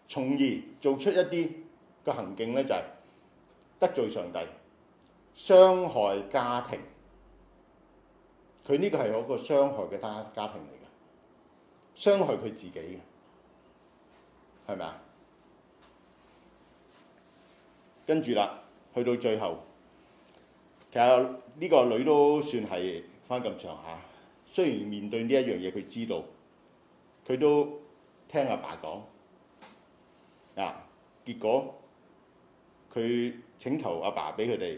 從而做出一啲嘅行徑咧，就係、是、得罪上帝、傷害家庭。佢呢個係一個傷害嘅家家庭嚟嘅，傷害佢自己嘅。係咪啊？跟住啦，去到最後，其實呢個女都算係翻咁長下。雖然面對呢一樣嘢，佢知道，佢都聽阿爸講啊。結果佢請求阿爸俾佢哋，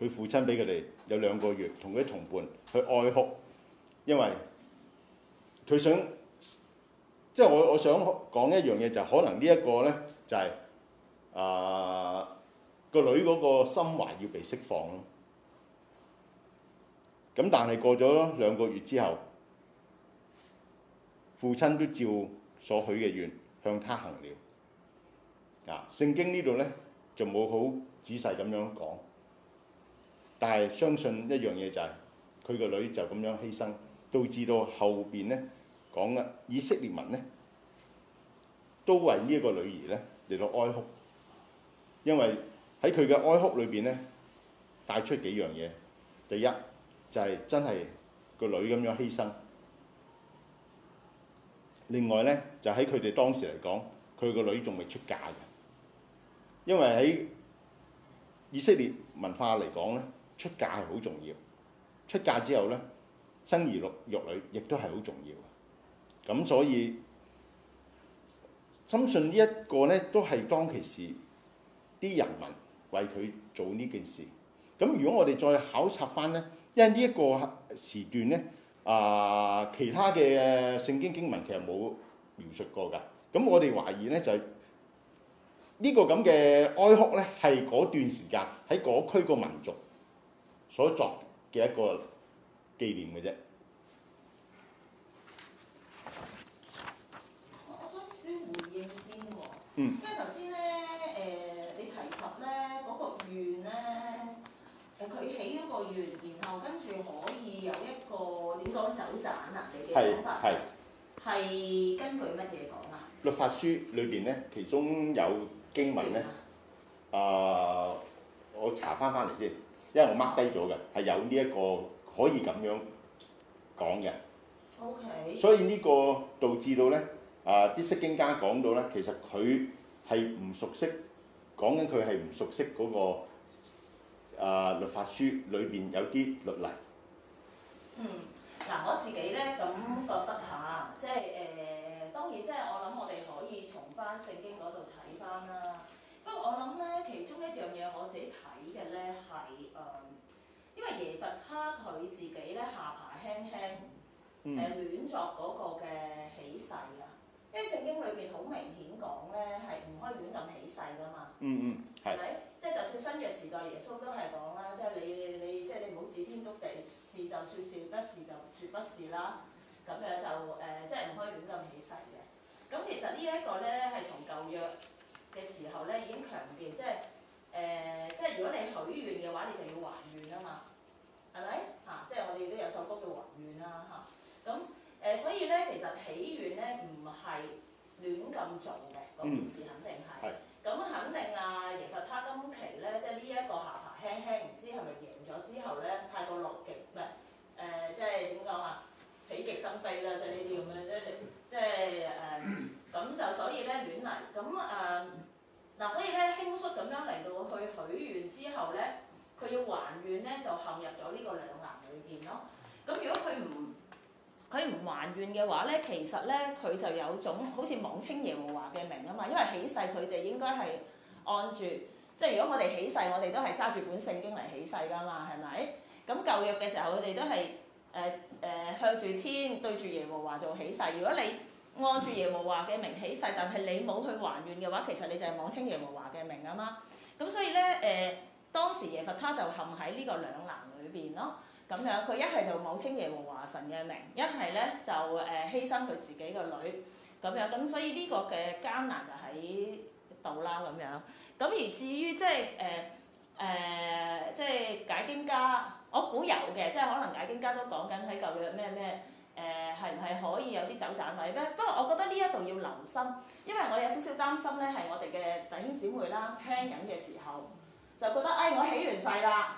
佢父親俾佢哋有兩個月，同佢啲同伴去哀哭，因為佢想。即係我我想講一樣嘢，就可能呢一個咧、就係，就係啊個女嗰個心懷要被釋放咯。咁但係過咗兩個月之後，父親都照所許嘅願向他行了。啊，聖經呢度咧就冇好仔細咁樣講，但係相信一樣嘢就係佢個女就咁樣犧牲，導致到後邊咧。講啦，以色列民咧都為呢一個女兒咧嚟到哀哭，因為喺佢嘅哀哭裏邊咧帶出幾樣嘢。第一就係真係個女咁樣犧牲。另外咧就喺佢哋當時嚟講，佢個女仲未出嫁嘅，因為喺以色列文化嚟講咧，出嫁係好重要。出嫁之後咧，生兒育女亦都係好重要。咁所以深信呢一個咧，都係當其時啲人民為佢做呢件事。咁如果我哋再考察翻咧，因為呢一個時段咧啊、呃，其他嘅聖經經文其實冇描述過㗎。咁我哋懷疑咧就係、是、呢個咁嘅哀哭咧，係嗰段時間喺嗰區個民族所作嘅一個紀念嘅啫。個月，然後跟住可以有一個點講走盞啊？你嘅講法係係根據乜嘢講啊？律法書裏邊咧，其中有經文咧，啊，我查翻翻嚟先，因為我 mark 低咗嘅，係有呢一個可以咁樣講嘅。O K。所以呢個導致到咧，啊啲釋經家講到咧，其實佢係唔熟悉，講緊佢係唔熟悉嗰個。啊、呃！律法書裏邊有啲律例。嗯，嗱、啊，我自己咧咁覺得嚇，即係誒，當然即係我諗，我哋可以從翻聖經嗰度睇翻啦。不過我諗咧，其中一樣嘢我自己睇嘅咧係誒，因為耶弗他佢自己咧下爬輕輕誒亂、呃、作嗰個嘅起誓啊，嗯、因為聖經裏邊好明顯講咧係唔可以亂咁起誓噶嘛。嗯嗯，係咪？即係就算新約時代，耶穌都係講啦，即、就、係、是、你你即係、就是、你唔好指天篤地，是就説是，不是就説不，不是啦。咁誒就誒，即係唔可以亂咁起誓嘅。咁其實呢一個咧係從舊約嘅時候咧已經強調，即係誒，即、呃、係、就是、如果你許願嘅話，你就要還願啊嘛，係咪？嚇、啊，即、就、係、是、我哋都有首歌叫還願啦嚇。咁、啊、誒、呃，所以咧其實許願咧唔係亂咁做嘅嗰件事。贏咗之後咧，太過樂極，唔、呃、係即係點講啊？喜極生悲啦，即係呢啲咁樣啫，即係誒，咁、呃、就所以咧亂嚟，咁誒嗱，所以咧輕率咁樣嚟到去許願之後咧，佢要還願咧就陷入咗呢個兩難裏邊咯。咁、呃、如果佢唔佢唔還願嘅話咧，其實咧佢就有種好似妄稱耶和華嘅名啊嘛，因為起誓佢哋應該係按住。即係如果我哋起誓，我哋都係揸住本聖經嚟起誓㗎嘛，係咪？咁舊約嘅時候，佢哋都係誒誒向住天對住耶和華做起誓。如果你按住耶和華嘅名起誓，但係你冇去還願嘅話，其實你就係妄稱耶和華嘅名啊嘛。咁所以咧誒、呃，當時耶弗他就陷喺呢個兩難裏邊咯。咁樣佢一係就妄稱耶和華神嘅名，一係咧就誒、呃、犧牲佢自己個女。咁樣咁所以呢個嘅艱難就喺度啦。咁樣。咁而至於即係誒誒，即係解經家，我估有嘅，即係可能解經家都講緊喺舊約咩咩誒，係唔係可以有啲走盞位咧？不過我覺得呢一度要留心，因為我有少少擔心咧，係我哋嘅弟兄姊妹啦，聽緊嘅時候就覺得誒、哎，我起完勢啦，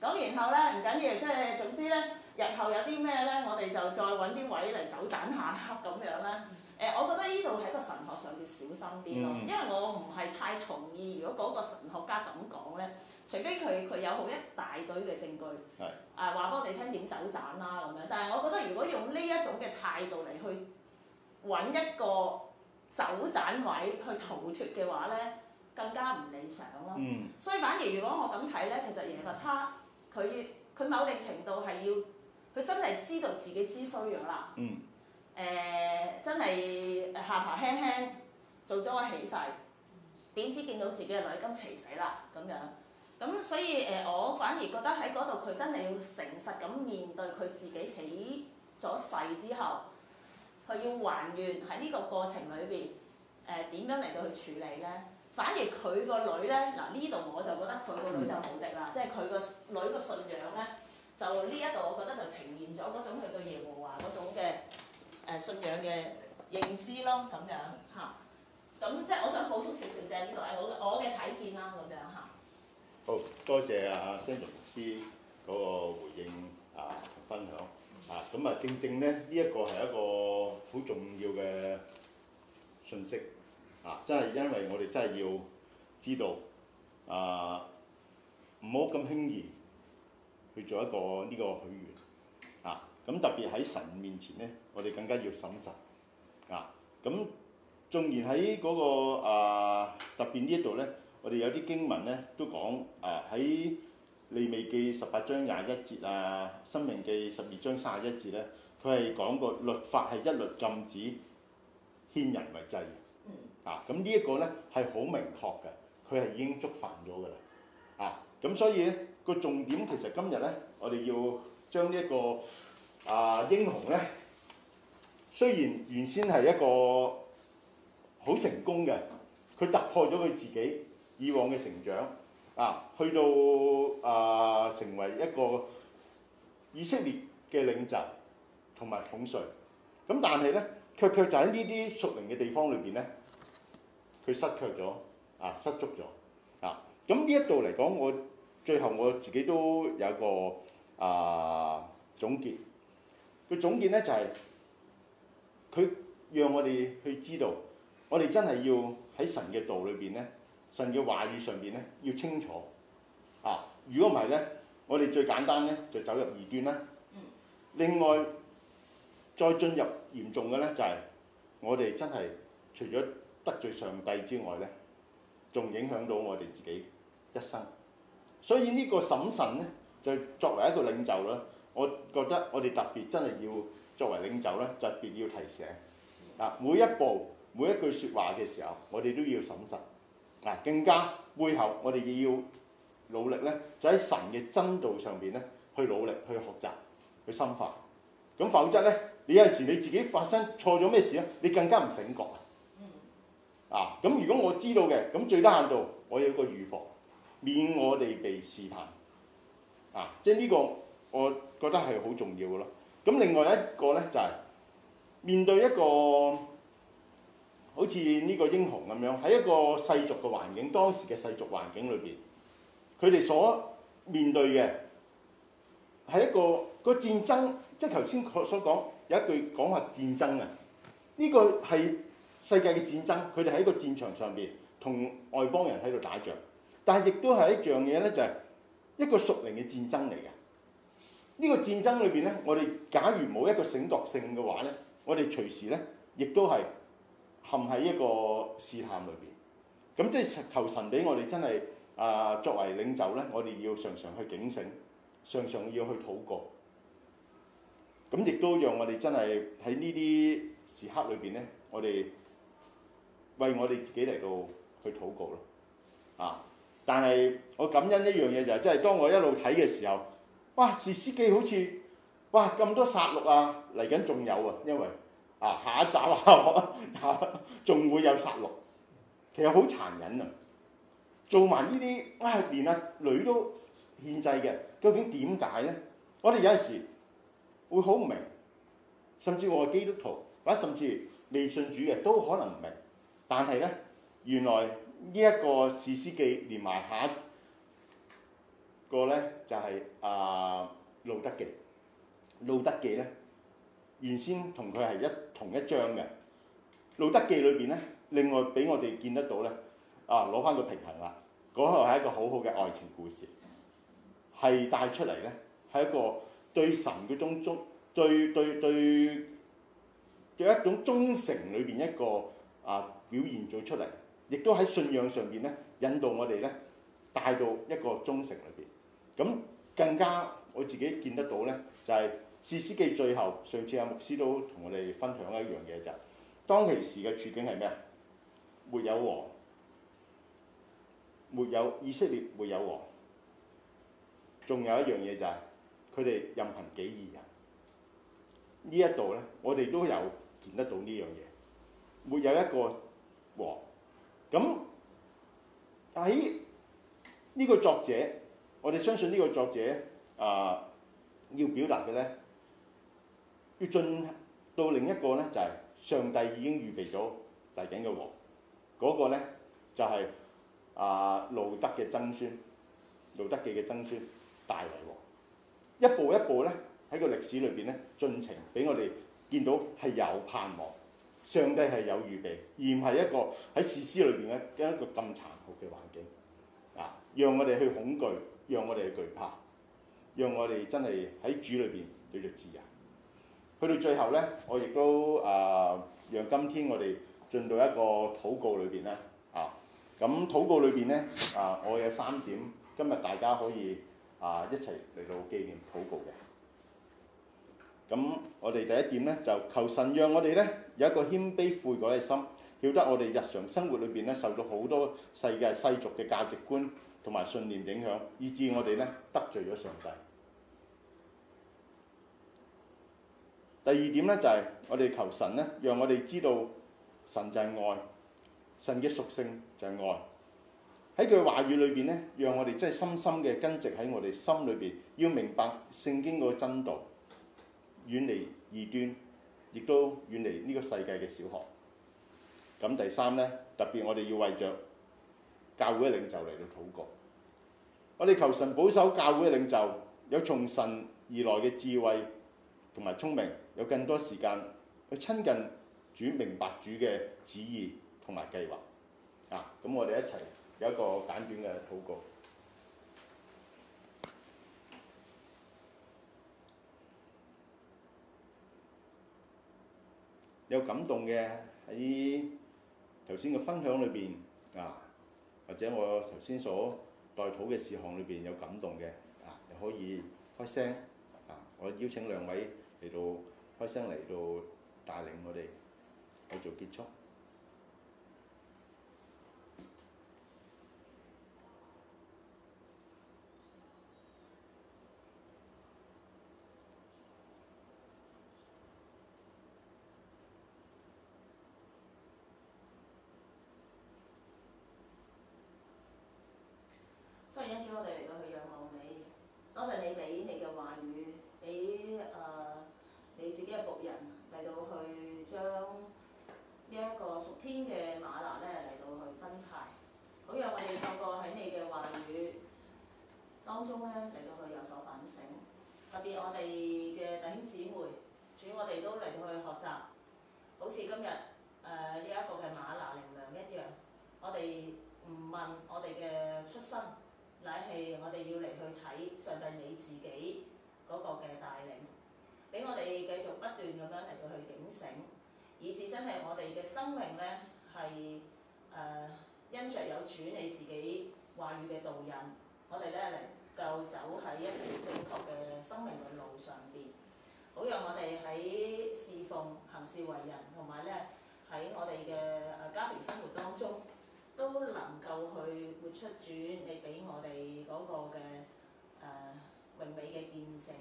咁然後咧唔緊要，即係總之咧，日後有啲咩咧，我哋就再揾啲位嚟走盞下黑咁樣啦。我覺得呢度喺個神學上要小心啲咯，嗯、因為我唔係太同意如果嗰個神學家咁講咧，除非佢佢有好一大堆嘅證據，誒話俾我哋聽點走盞啦咁樣。但係我覺得如果用呢一種嘅態度嚟去揾一個走盞位去逃脫嘅話咧，更加唔理想咯。嗯、所以反而如果我咁睇咧，其實耶弗他佢佢某定程度係要佢真係知道自己知衰咗啦。嗯誒、呃、真係下巴輕輕做咗個起誓，點、嗯、知見到自己嘅女今次死啦咁樣咁、嗯，所以誒、呃、我反而覺得喺嗰度佢真係要誠實咁面對佢自己起咗誓之後，佢要還願喺呢個過程裏邊誒點樣嚟到去處理咧？反而佢個女咧嗱呢度、呃、我就覺得佢個女就好啲啦，即係佢個女個信仰咧，就呢一度我覺得就呈現咗嗰種佢對耶和華嗰種嘅。誒、呃、信仰嘅認知咯，咁樣吓，咁、啊嗯、即係我想補充少少，就呢度係我我嘅睇見啦，咁樣吓，啊、好，多謝啊，阿 Simon 牧師嗰個回應啊，分享啊，咁啊正正咧呢、這個、一個係一個好重要嘅信息啊，真係因為我哋真係要知道啊，唔好咁輕易去做一個呢、這個許願。咁特別喺神面前咧，我哋更加要審慎。啊！咁縱然喺嗰、那個、呃、特別呢一度咧，我哋有啲經文咧都講啊喺利未記十八章廿一節啊，申命記十二章三十一節咧，佢係講過律法係一律禁止獻人為祭嘅、嗯、啊！咁呢一個咧係好明確嘅，佢係已經觸犯咗㗎啦啊！咁所以咧個重點其實今日咧，我哋要將呢、這、一個。啊！英雄咧，雖然原先係一個好成功嘅，佢突破咗佢自己以往嘅成長啊，去到啊成為一個以色列嘅領袖同埋統帥。咁但係咧，卻卻就喺呢啲屬靈嘅地方裏邊咧，佢失卻咗啊，失足咗啊。咁呢一度嚟講，我最後我自己都有個啊總結。佢總結咧就係、是、佢讓我哋去知道，我哋真係要喺神嘅道裏邊咧，神嘅話語上邊咧要清楚啊！如果唔係咧，我哋最簡單咧就走入異端啦。另外，再進入嚴重嘅咧就係、是、我哋真係除咗得罪上帝之外咧，仲影響到我哋自己一生。所以呢個審慎咧就作為一個領袖啦。我覺得我哋特別真係要作為領袖咧，特別要提醒啊！每一步、每一句説話嘅時候，我哋都要審慎啊！更加背後，我哋要努力咧，就喺神嘅真道上邊咧去努力、去學習、去深化。咁否則咧，你有時你自己發生錯咗咩事咧，你更加唔醒覺啊！啊！咁如果我知道嘅，咁最低限度我有個預防，免我哋被試探啊！即係呢個我覺得係好重要嘅咯。咁另外一個咧就係、是、面對一個好似呢個英雄咁樣喺一個世俗嘅環境，當時嘅世俗環境裏邊，佢哋所面對嘅係一個、那個戰爭，即係頭先我所講有一句講話戰爭啊。呢、這個係世界嘅戰爭，佢哋喺個戰場上邊同外邦人喺度打仗，但係亦都係一樣嘢咧，就係、是、一個屬靈嘅戰爭嚟嘅。呢個戰爭裏邊咧，我哋假如冇一個醒覺性嘅話咧，我哋隨時咧，亦都係陷喺一個試探裏邊。咁即係求神俾我哋真係啊、呃，作為領袖咧，我哋要常常去警醒，常常要去禱告。咁亦都讓我哋真係喺呢啲時刻裏邊咧，我哋為我哋自己嚟到去禱告咯。啊！但係我感恩一樣嘢就係、是，即係當我一路睇嘅時候。哇！士師記好似哇咁多殺戮啊！嚟緊仲有啊，因為啊下一集啊仲、啊、會有殺戮，其實好殘忍啊！做埋呢啲啊連阿、啊、女都獻祭嘅，究竟點解咧？我哋有時會好唔明，甚至我係基督徒或者甚至未信主嘅都可能唔明。但係咧，原來呢一個士師記連埋下。個咧就係啊《路得記》，《路得記》咧原先同佢係一同一章嘅，《路得記》裏邊咧，另外俾我哋見得到咧啊，攞翻個平衡啦。嗰個係一個好好嘅愛情故事，係帶出嚟咧，係一個對神嘅忠忠、對對對嘅一種忠誠裏邊一個啊表現咗出嚟，亦都喺信仰上邊咧引導我哋咧帶到一個忠誠嚟。咁更加我自己見得到咧，就係、是、士師記最後上次阿牧師都同我哋分享一樣嘢，就是，就當其時嘅處境係咩啊？沒有王，沒有以色列沒有王，仲有一樣嘢就係佢哋任憑幾二人呢一度咧，我哋都有見得到呢樣嘢，沒有一個王。咁但喺呢個作者。我哋相信呢個作者啊、呃，要表達嘅咧，要進到另一個咧，就係、是、上帝已經預備咗嚟緊嘅王嗰、那個咧，就係啊路得嘅曾孫，路得記嘅曾孫大衞王。一步一步咧喺個歷史裏邊咧進程，俾我哋見到係有盼望，上帝係有預備，而唔係一個喺士師裏邊嘅一個咁殘酷嘅環境啊，讓我哋去恐懼。讓我哋懼怕，讓我哋真係喺主裏邊對著自由。去到最後呢，我亦都啊、呃，讓今天我哋進到一個禱告裏邊呢啊。咁禱告裏邊呢，啊，我有三點，今日大家可以啊一齊嚟到紀念禱告嘅。咁我哋第一點呢，就求神讓我哋呢有一個謙卑悔，悔改嘅心，曉得我哋日常生活裏邊呢受到好多世界世俗嘅價值觀。同埋信念影響，以致我哋咧得罪咗上帝。第二點咧就係我哋求神咧，讓我哋知道神就係愛，神嘅屬性就係愛。喺句話語裏邊咧，讓我哋真係深深嘅根植喺我哋心裏邊，要明白聖經個真道，遠離異端，亦都遠離呢個世界嘅小學。咁第三咧，特別我哋要為着教會嘅領袖嚟到禱告。我哋求神保守教會嘅領袖，有從神而來嘅智慧同埋聰明，有更多時間去親近主、明白主嘅旨意同埋計劃。啊，咁我哋一齊有一個簡短嘅禱告。有感動嘅喺頭先嘅分享裏邊啊，或者我頭先所代禱嘅事項裏邊有感動嘅，啊，可以開聲。啊，我邀請兩位嚟到開聲，嚟到帶領我哋繼續結束。當中咧嚟到去有所反省，特別我哋嘅弟兄姊妹，主要我哋都嚟到去學習，好似今日誒呢、呃、一個嘅嗎哪靈糧一樣，我哋唔問我哋嘅出身，乃係我哋要嚟去睇上帝你自己嗰個嘅帶領，俾我哋繼續不斷咁樣嚟到去警醒，以至真係我哋嘅生命咧係誒因着有主你自己話語嘅導引，我哋咧嚟。夠走喺一條正確嘅生命嘅路上邊，好讓我哋喺侍奉、行事為人，同埋咧喺我哋嘅誒家庭生活當中，都能夠去活出主你俾我哋嗰個嘅誒榮美嘅見證。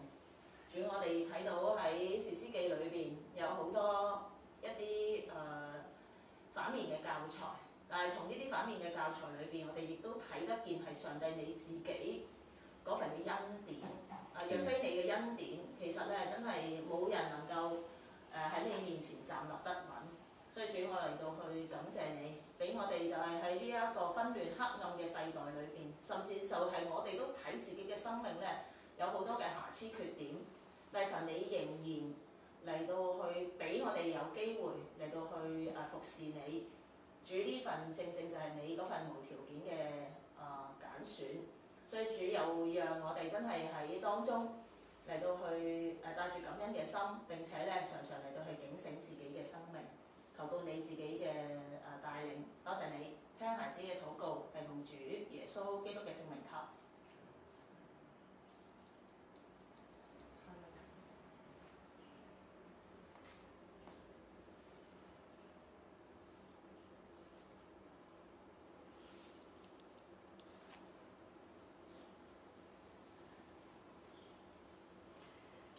主，要我哋睇到喺《士師記》裏邊有好多一啲誒、呃、反面嘅教材，但係從呢啲反面嘅教材裏邊，我哋亦都睇得見係上帝你自己。嗰份嘅恩典，啊，若非你嘅恩典，其實咧真係冇人能夠誒喺你面前站立得穩，所以主我嚟到去感謝你，俾我哋就係喺呢一個紛亂黑暗嘅世代裏邊，甚至就係我哋都睇自己嘅生命咧有好多嘅瑕疵缺點，但係神你仍然嚟到去俾我哋有機會嚟到去誒、呃、服侍你，主呢份正正就係你嗰份無條件嘅啊揀選。所以主又讓我哋真係喺當中嚟到去誒帶住感恩嘅心，並且咧常常嚟到去警醒自己嘅生命，求告你自己嘅誒帶領。多謝你，聽孩子嘅禱告，奉主耶穌基督嘅聖名及。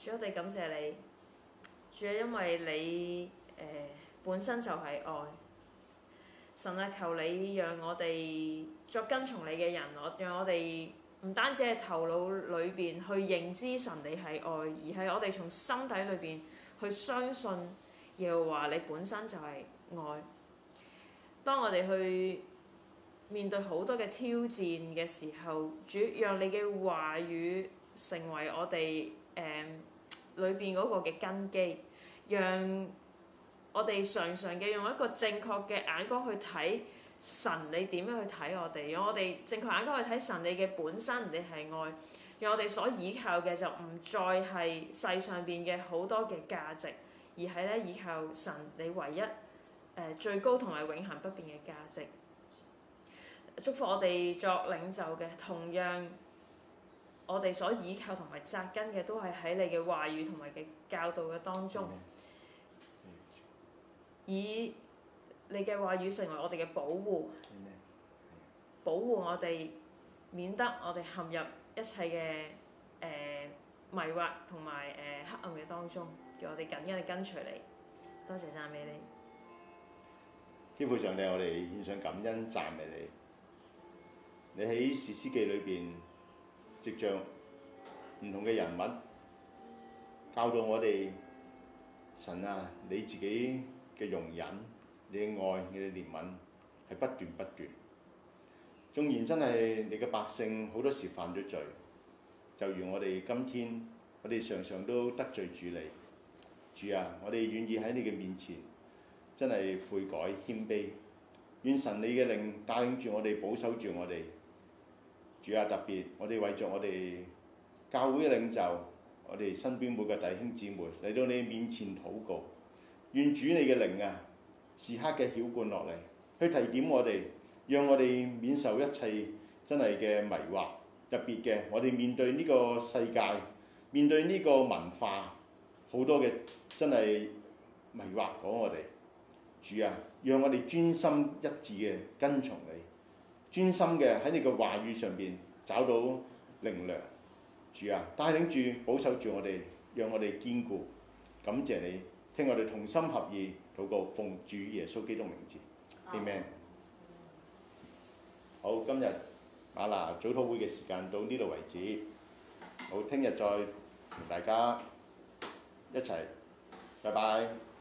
主我哋感謝你，主啊，因為你誒、呃、本身就係愛，神啊，求你讓我哋作跟從你嘅人，我讓我哋唔單止係頭腦裏邊去認知神你係愛，而係我哋從心底裏邊去相信，又話你本身就係愛。當我哋去面對好多嘅挑戰嘅時候，主讓你嘅話語成為我哋誒，呃裏邊嗰個嘅根基，讓我哋常常嘅用一個正確嘅眼光去睇神，你點樣去睇我哋？讓我哋正確眼光去睇神你嘅本身，你係愛。讓我哋所依靠嘅就唔再係世上邊嘅好多嘅價值，而係咧倚靠神你唯一最高同埋永恆不變嘅價值。祝福我哋作領袖嘅，同樣。我哋所倚靠同埋扎根嘅都係喺你嘅話語同埋嘅教導嘅當中，以你嘅話語成為我哋嘅保護，保護我哋免得我哋陷入一切嘅誒、呃、迷惑同埋誒黑暗嘅當中，叫我哋緊緊地跟隨你。多謝讚美你，天父上帝，你我哋獻上感恩讚美你。你喺《士師記》裏邊。藉著唔同嘅人物，教導我哋神啊，你自己嘅容忍、你嘅愛，你嘅憐憫係不斷不斷，縱然真係你嘅百姓好多時犯咗罪，就如我哋今天，我哋常常都得罪主你。主啊，我哋願意喺你嘅面前真係悔改謙卑，願神你嘅靈帶領住我哋，保守住我哋。主啊，特別我哋為著我哋教會嘅領袖，我哋身邊每個弟兄姊妹嚟到你面前禱告，願主你嘅靈啊，時刻嘅曉灌落嚟，去提點我哋，讓我哋免受一切真係嘅迷惑。特別嘅我哋面對呢個世界，面對呢個文化，好多嘅真係迷惑咗我哋。主啊，讓我哋專心一致嘅跟從你。專心嘅喺你嘅話語上邊找到靈糧，主啊，帶領住，保守住我哋，讓我哋堅固。感謝你，聽我哋同心合意禱告，奉主耶穌基督名字，Amen。好，今日嗎哪早禱會嘅時間到呢度為止。好，聽日再同大家一齊，拜拜。